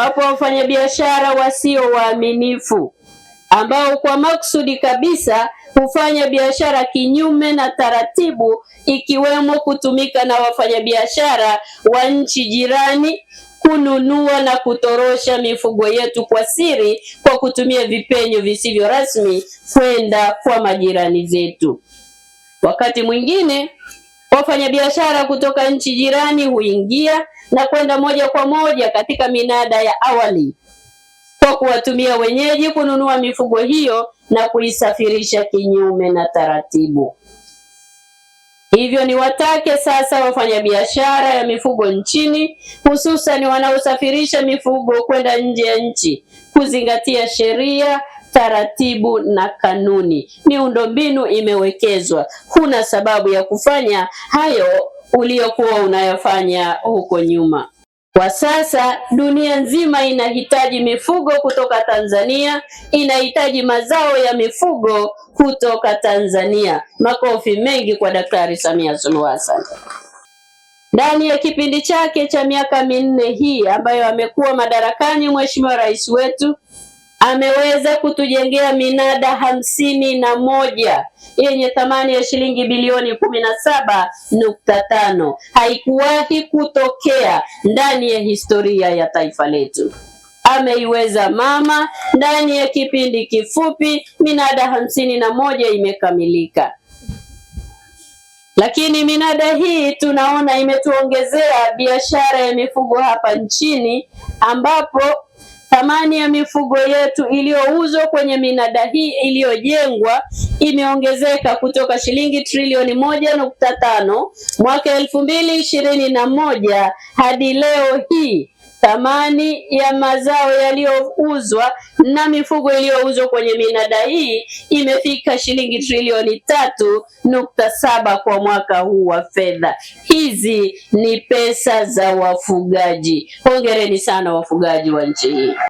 Wapo wafanyabiashara wasio waaminifu ambao kwa makusudi kabisa hufanya biashara kinyume na taratibu, ikiwemo kutumika na wafanyabiashara wa nchi jirani kununua na kutorosha mifugo yetu kwa siri kwa kutumia vipenyo visivyo rasmi kwenda kwa majirani zetu. Wakati mwingine wafanyabiashara kutoka nchi jirani huingia na kwenda moja kwa moja katika minada ya awali kwa kuwatumia wenyeji kununua mifugo hiyo na kuisafirisha kinyume na taratibu. Hivyo ni watake sasa wafanyabiashara ya mifugo nchini, hususan wanaosafirisha mifugo kwenda nje ya nchi, kuzingatia sheria, taratibu na kanuni. Miundombinu imewekezwa, huna sababu ya kufanya hayo uliokuwa unayofanya huko nyuma. Kwa sasa dunia nzima inahitaji mifugo kutoka Tanzania, inahitaji mazao ya mifugo kutoka Tanzania. Makofi mengi kwa Daktari Samia Suluhu Hassan. Ndani ya kipindi chake cha miaka minne hii ambayo amekuwa madarakani, Mheshimiwa Rais wetu ameweza kutujengea minada hamsini na moja yenye thamani ya shilingi bilioni kumi na saba nukta tano. Haikuwahi kutokea ndani ya historia ya taifa letu. Ameiweza mama, ndani ya kipindi kifupi minada hamsini na moja imekamilika. Lakini minada hii tunaona imetuongezea biashara ya mifugo hapa nchini ambapo Thamani ya mifugo yetu iliyouzwa kwenye minada hii iliyojengwa imeongezeka kutoka shilingi trilioni moja nukta tano mwaka elfu mbili ishirini na moja hadi leo hii. Thamani ya mazao yaliyouzwa na mifugo iliyouzwa kwenye minada hii imefika shilingi trilioni tatu nukta saba kwa mwaka huu wa fedha. Hizi ni pesa za wafugaji. Hongereni sana wafugaji wa nchi hii.